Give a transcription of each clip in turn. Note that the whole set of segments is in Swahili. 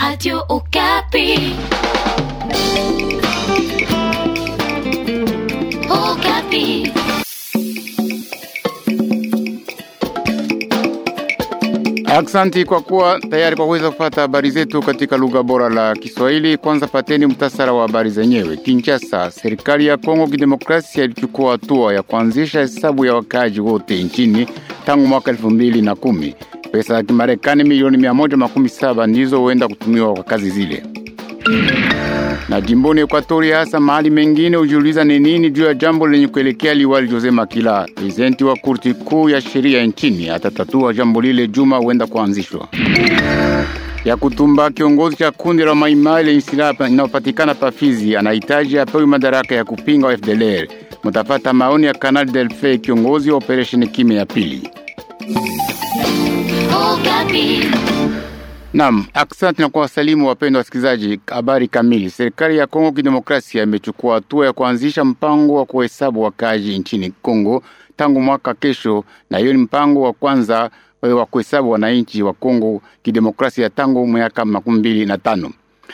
Radio Okapi. Okapi. Aksanti kwa kuwa tayari kwa kuweza kupata habari zetu katika lugha bora la Kiswahili. Kwanza pateni mtasara wa habari zenyewe. Kinshasa, serikali ya Kongo Kidemokrasia ilichukua hatua ya kuanzisha hesabu ya wakaaji wote nchini tangu mwaka elfu mbili na kumi. Pesa za Kimarekani milioni saba ndizo huenda kutumiwa kwa kazi zile. Na jimboni Ekwatoria, hasa mahali mengine, hujiuliza ni nini juu ya jambo lenye kuelekea liwali Jose Makila, prezidenti wa kurti kuu ya sheria nchini, atatatua jambo lile juma huenda kuanzishwa ya kutumba kiongozi cha kundi la maimai lenye silaha inayopatikana Pafizi anahitaji apewe madaraka ya kupinga wa FDLR. Mutapata maoni ya Kanali Delfe, kiongozi wa operesheni kime ya pili. Naam, asante na kuwasalimu wapendwa wasikilizaji. Habari kamili. Serikali ya Kongo Kidemokrasia imechukua hatua ya kuanzisha mpango wa kuhesabu wakaaji nchini Kongo tangu mwaka kesho, na hiyo ni mpango wa kwanza eh, wa kuhesabu wananchi wa Kongo Kidemokrasia tangu miaka makumi mbili na tano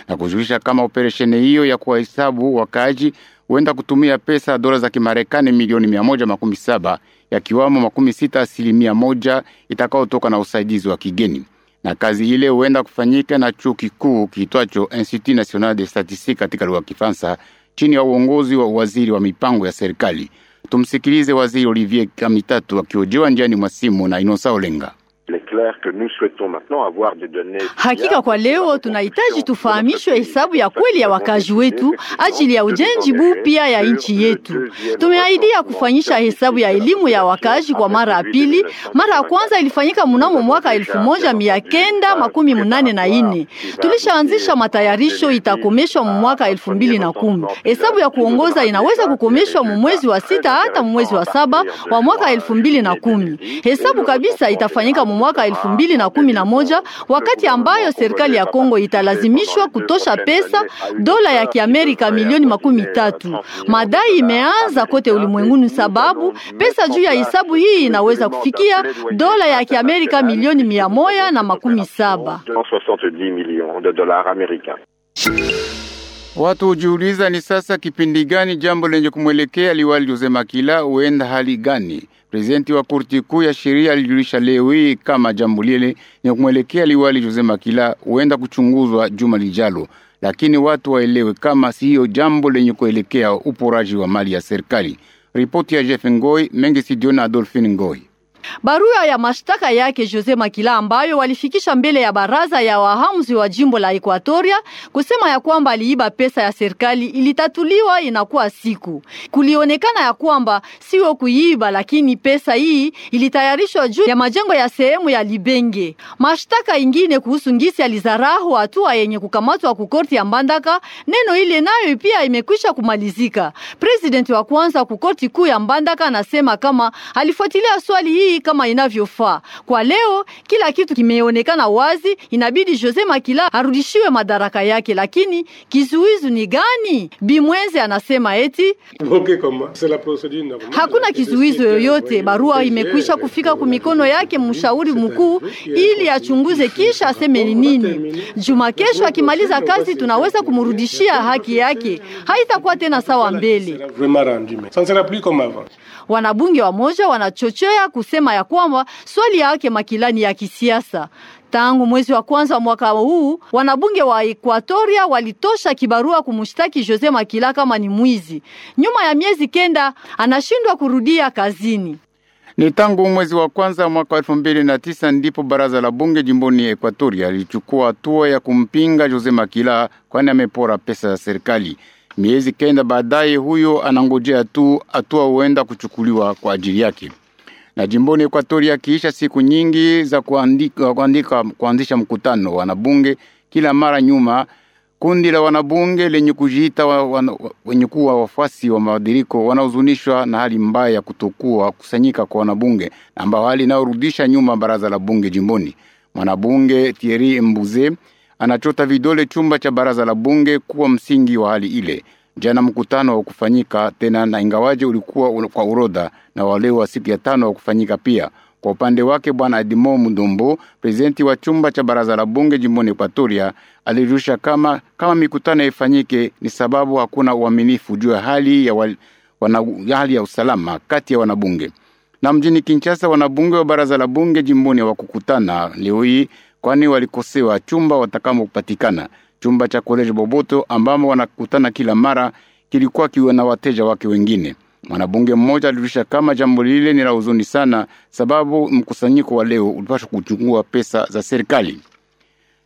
na kujulisha kama operesheni hiyo ya kuwahesabu wakaaji huenda kutumia pesa dola za Kimarekani milioni mia moja makumi saba yakiwamo makumi sita asilimia moja itakayotoka na usaidizi wa kigeni na kazi ile huenda kufanyika na chuo kikuu kiitwacho Institut National de Statistique katika lugha ya Kifaransa chini ya uongozi wa waziri wa mipango ya serikali. Tumsikilize Waziri Olivier Kamitatu akiojewa njiani mwa simu na Inosa Olenga clair que nous souhaitons maintenant avoir des données. Hakika kwa leo tunahitaji tufahamishwe hesabu ya kweli ya wakazi wetu ajili ya ujenzi buu pia ya nchi yetu. Tumeahidia kufanyisha hesabu ya elimu ya wakazi kwa mara ya pili. Mara ya kwanza ilifanyika mnamo mwaka elfu moja mia kenda makumi munane na ine. Tulishaanzisha matayarisho, itakomeshwa mwaka elfu mbili na kumi. Hesabu ya kuongoza inaweza kukomeshwa mwezi wa sita hata mwezi wa saba wa mwaka elfu mbili na kumi. Hesabu kabisa itafanyika mwaka mwaka elfu mbili na kumi na moja wakati ambayo serikali ya Kongo italazimishwa kutosha pesa dola ya kiamerika milioni makumi tatu. Madai imeanza kote ulimwenguni sababu pesa juu ya hisabu hii inaweza kufikia dola ya kiamerika milioni mia moja na makumi saba. Watu hujiuliza ni sasa kipindi gani jambo lenye kumwelekea liwali Jose Makila huenda hali gani. Prezidenti wa korti kuu ya sheria alijulisha leo hii kama jambo lile lenye kumwelekea liwali Jose Makila huenda kuchunguzwa juma lijalo, lakini watu waelewe kama siyo jambo lenye kuelekea uporaji wa mali ya serikali. Ripoti ya Jeff Ngoi Mengi Sidiona Adolfine Ngoi. Barua ya mashtaka yake Jose Makila ambayo walifikisha mbele ya baraza ya wahamuzi wa jimbo la Equatoria kusema ya kwamba aliiba pesa ya serikali ilitatuliwa, inakuwa siku. Kulionekana ya kwamba sio kuiba, lakini pesa hii ilitayarishwa juu ya majengo ya sehemu ya Libenge. Mashtaka ingine kuhusu ngisi alizarahu hatua yenye kukamatwa kukorti ya Mbandaka, neno ile nayo pia imekwisha kumalizika. President wa kwanza kukorti kuu ya Mbandaka anasema kama alifuatilia swali hii hii kama inavyofaa. Kwa leo kila kitu kimeonekana wazi, inabidi Jose Makila arudishiwe madaraka yake, lakini kizuizu ni gani? Bimwenze anasema eti hakuna kizuizo euh, yoyote, barua imekwisha kufika euh, kumikono yake mshauri mkuu ili achunguze kisha aseme ni nini. Juma kesho akimaliza kazi, tunaweza kumrudishia haki yake, haitakuwa tena sawa mbele. Wanabunge wa moja wanachochea kusema ya kwamba swali yake Makilani ya kisiasa. Tangu mwezi wa kwanza mwaka huu wanabunge wa Ekuatoria walitosha kibarua kumshtaki Jose Makila kama ni mwizi. Nyuma ya miezi kenda anashindwa kurudia kazini. Ni tangu mwezi wa kwanza mwaka elfu mbili na tisa ndipo baraza la bunge jimboni Ekuatoria lilichukua hatua ya kumpinga Jose Makila kwani amepora pesa ya serikali. Miezi kenda baadaye, huyo anangojea tu hatua huenda kuchukuliwa kwa ajili yake. Na jimboni Ekwatoria, kiisha siku nyingi za kuandika, kuandika kuanzisha mkutano wanabunge kila mara nyuma, kundi la wanabunge lenye kujiita wa, wa, wenye kuwa wafuasi wa mabadiliko wanaozunishwa na hali mbaya ya kutokuwa kusanyika kwa wanabunge, ambao hali inayorudisha nyuma baraza la bunge jimboni. Mwanabunge Thierry Mbuze anachota vidole chumba cha baraza la bunge kuwa msingi wa hali ile. Jana mkutano wa kufanyika tena na ingawaje ulikuwa kwa urodha na wale wa siku ya tano wa kufanyika pia. Kwa upande wake bwana Adimo Mdombo, prezidenti wa chumba cha baraza la bunge jimboni Ekwatoria, alirusha kama kama mikutano ifanyike ni sababu hakuna uaminifu juu ya hali ya, wal, wana, hali ya usalama kati ya wanabunge. Na mjini Kinshasa, wanabunge wa baraza la bunge jimboni wakukutana leo hii kwani walikosewa chumba watakamo kupatikana. Chumba cha koleji Boboto ambamo wanakutana kila mara kilikuwa kiwa na wateja wake wengine. Mwanabunge mmoja alirusha kama jambo lile ni la huzuni sana, sababu mkusanyiko wa leo ulipaswa kuchungua pesa za serikali.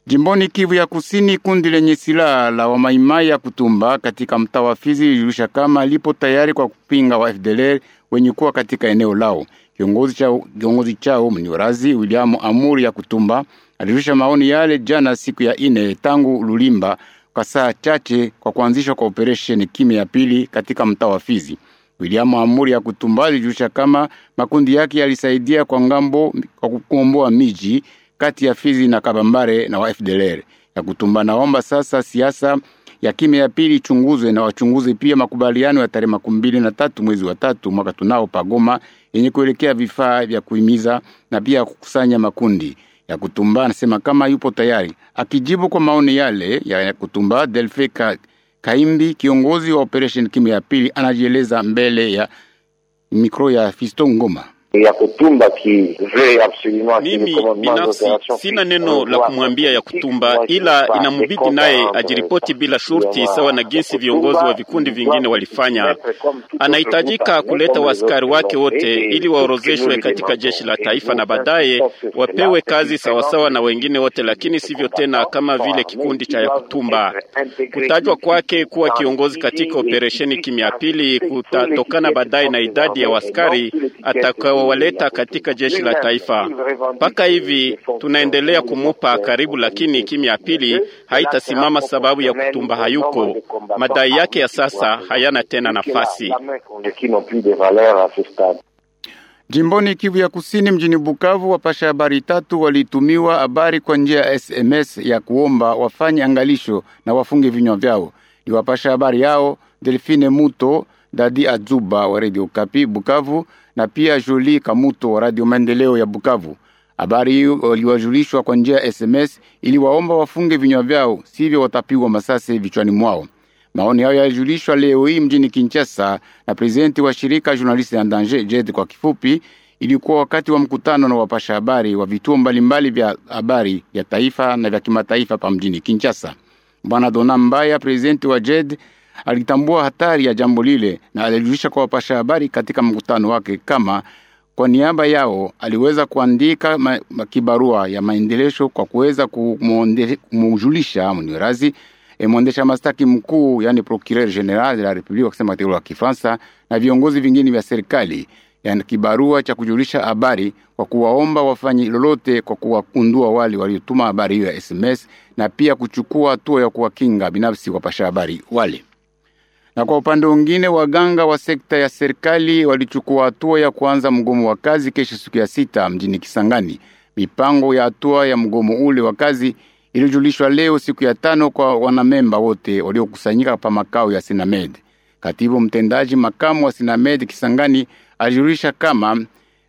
Jimboni Kivu ya Kusini, kundi lenye silaha la wamaimai ya Kutumba katika mtaa wa Fizi lilirusha kama lipo tayari kwa kupinga wa FDLR wenye kuwa katika eneo lao. Kiongozi chao, kiongozi chao mnyorazi William Amuri ya Kutumba alirusha maoni yale jana siku ya ine tangu Lulimba kwa saa chache kwa kuanzishwa kwa operesheni kimya ya pili katika mtaa wa Fizi. William Amuri ya Kutumba alijulisha kama makundi yake yalisaidia kwa ngambo kwa kukomboa miji kati ya Fizi na Kabambare na wa FDLR. Ya Kutumba naomba sasa siasa ya kimya ya pili ichunguzwe na wachunguze pia makubaliano ya tarehe makumi mbili na tatu mwezi wa tatu mwaka tunao pagoma yenye kuelekea vifaa vya kuimiza na pia kukusanya makundi ya Kutumba. Anasema kama yupo tayari. Akijibu kwa maoni yale ya Kutumba, Delfe Ka, Kaimbi, kiongozi wa operation Kimu ya pili, anajieleza mbele ya mikro ya Fisto Ngoma ya kutumba ki mimi binafsi sina neno la kumwambia ya kutumba, ila inamubidi naye ajiripoti bila shurti, sawa na jinsi viongozi wa vikundi vingine walifanya. Anahitajika kuleta waskari wake wote ili waorozeshwe katika jeshi la taifa na baadaye wapewe kazi sawasawa na wengine wote, lakini sivyo tena kama vile kikundi cha ya kutumba. Kutajwa kwake kuwa kiongozi katika operesheni kimya pili kutatokana baadaye na idadi ya waskari atakao tutawaleta katika jeshi la taifa. Mpaka hivi tunaendelea kumupa karibu, lakini kimya ya pili haitasimama sababu ya kutumba hayuko. Madai yake ya sasa hayana tena nafasi. Jimboni Kivu ya Kusini, mjini Bukavu, wapasha habari tatu walitumiwa habari kwa njia ya SMS ya kuomba wafanye angalisho na wafunge vinywa vyao. Ni wapasha habari yao Delfine Muto, Dadi Azuba wa Radio Kapi Bukavu na pia Jolie Kamuto wa Radio Maendeleo ya Bukavu. Habari hiyo waliwajulishwa kwa njia ya SMS ili waomba wafunge vinywa vyao, sivyo watapigwa masasi vichwani mwao. Maoni hayo yalijulishwa leo hii mjini Kinshasa na prezidenti wa shirika Journaliste en Danger JED kwa kifupi. Ilikuwa wakati wa mkutano na wapasha habari wa vituo mbalimbali vya habari ya taifa na vya kimataifa pa mjini Kinshasa. Bwana Dona Mbaya, prezidenti wa JED, alitambua hatari ya jambo lile na alijulisha kwa wapasha habari katika mkutano wake kama kwa niaba yao aliweza kuandika kibarua ya maendelesho kwa kuweza kumujulisha Munirazi e, mwendesha mastaki mkuu yani procureur general de la republique wakisema kwa Kifaransa na viongozi vingine vya serikali yani kibarua cha kujulisha habari kwa kuwaomba wafanye lolote kwa kuwakundua wale waliotuma habari hiyo ya SMS na pia kuchukua hatua ya kuwakinga binafsi wapasha habari wale. Na kwa upande mwingine, waganga wa sekta ya serikali walichukua hatua ya kuanza mgomo wa kazi kesho siku ya sita mjini Kisangani. Mipango ya hatua ya mgomo ule wa kazi ilijulishwa leo siku ya tano kwa wanamemba wote waliokusanyika pa makao ya Sinamed. Katibu mtendaji makamu wa Sinamed Kisangani alijulisha kama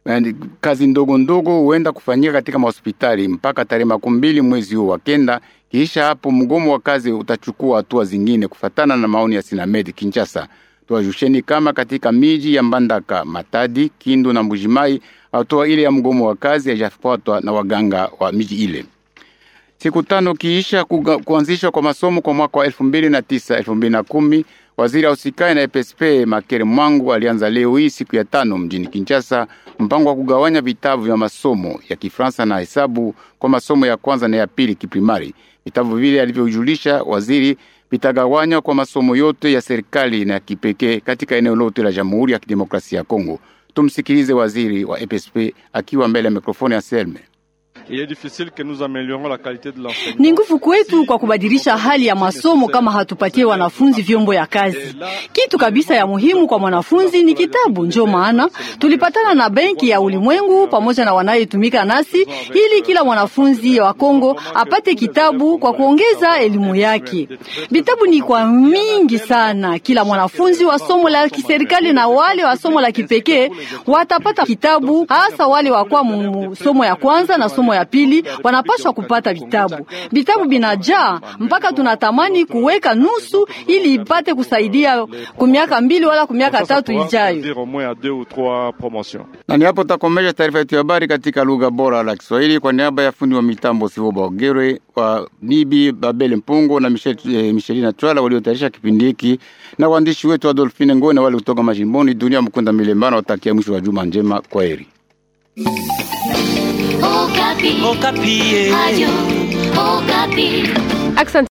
eh, kazi ndogo ndogo huenda kufanyika katika mahospitali mpaka tarehe makumi mbili mwezi huu wa kenda kisha hapo mgomo wa kazi utachukua hatua zingine kufatana na maoni ya sinamedi Kinshasa. Tuwajusheni kama katika miji ya Mbandaka, Matadi, Kindu na Mbujimai hatua ile ya mgomo wa kazi haijafuatwa na waganga wa miji ile. Siku tano kiisha kuanzishwa kwa masomo kwa mwaka wa elfu mbili na tisa elfu mbili na kumi Waziri ausikae na EPSP Makere Mwangu alianza leo hii siku ya tano mjini Kinshasa mpango wa kugawanya vitabu vya masomo ya Kifaransa na hesabu kwa masomo ya kwanza na ya pili kiprimari. Vitabu vile alivyojulisha waziri vitagawanywa kwa masomo yote ya serikali na kipekee katika eneo lote la Jamhuri ya Kidemokrasia ya Kongo. Tumsikilize waziri wa EPSP akiwa mbele ya mikrofoni ya Selme. Ni nguvu kwetu kwa kubadilisha hali ya masomo kama hatupatie wanafunzi vyombo ya kazi. Kitu kabisa ya muhimu kwa mwanafunzi ni kitabu, njo maana tulipatana na Benki ya Ulimwengu pamoja na wanayetumika nasi ili kila mwanafunzi wa Kongo apate kitabu kwa kuongeza elimu yake. Vitabu ni kwa mingi sana, kila mwanafunzi wa somo la kiserikali na wale wa somo la kipekee watapata kitabu, hasa wale wa kwa somo ya kwanza na somo ya ya pili wanapaswa kupata vitabu. Vitabu binajaa mpaka tunatamani kuweka nusu ili ipate kusaidia kumiaka mbili wala kumiaka tatu ijayo. Na ni hapo takomesha taarifa yetu ya habari katika lugha bora la Kiswahili kwa niaba ya fundi wa mitambo sivo baogere wa Nibi Babele Mpungo na eh, na Twala waliotayarisha kipindi hiki na waandishi wetu Adolfine Ngoi na wale kutoka majimboni. Dunia Mkunda Milembano watakia mwisho wa juma njema. Kwa heri. Okapi. Okapi. Eh. Ayo, Okapi. Accent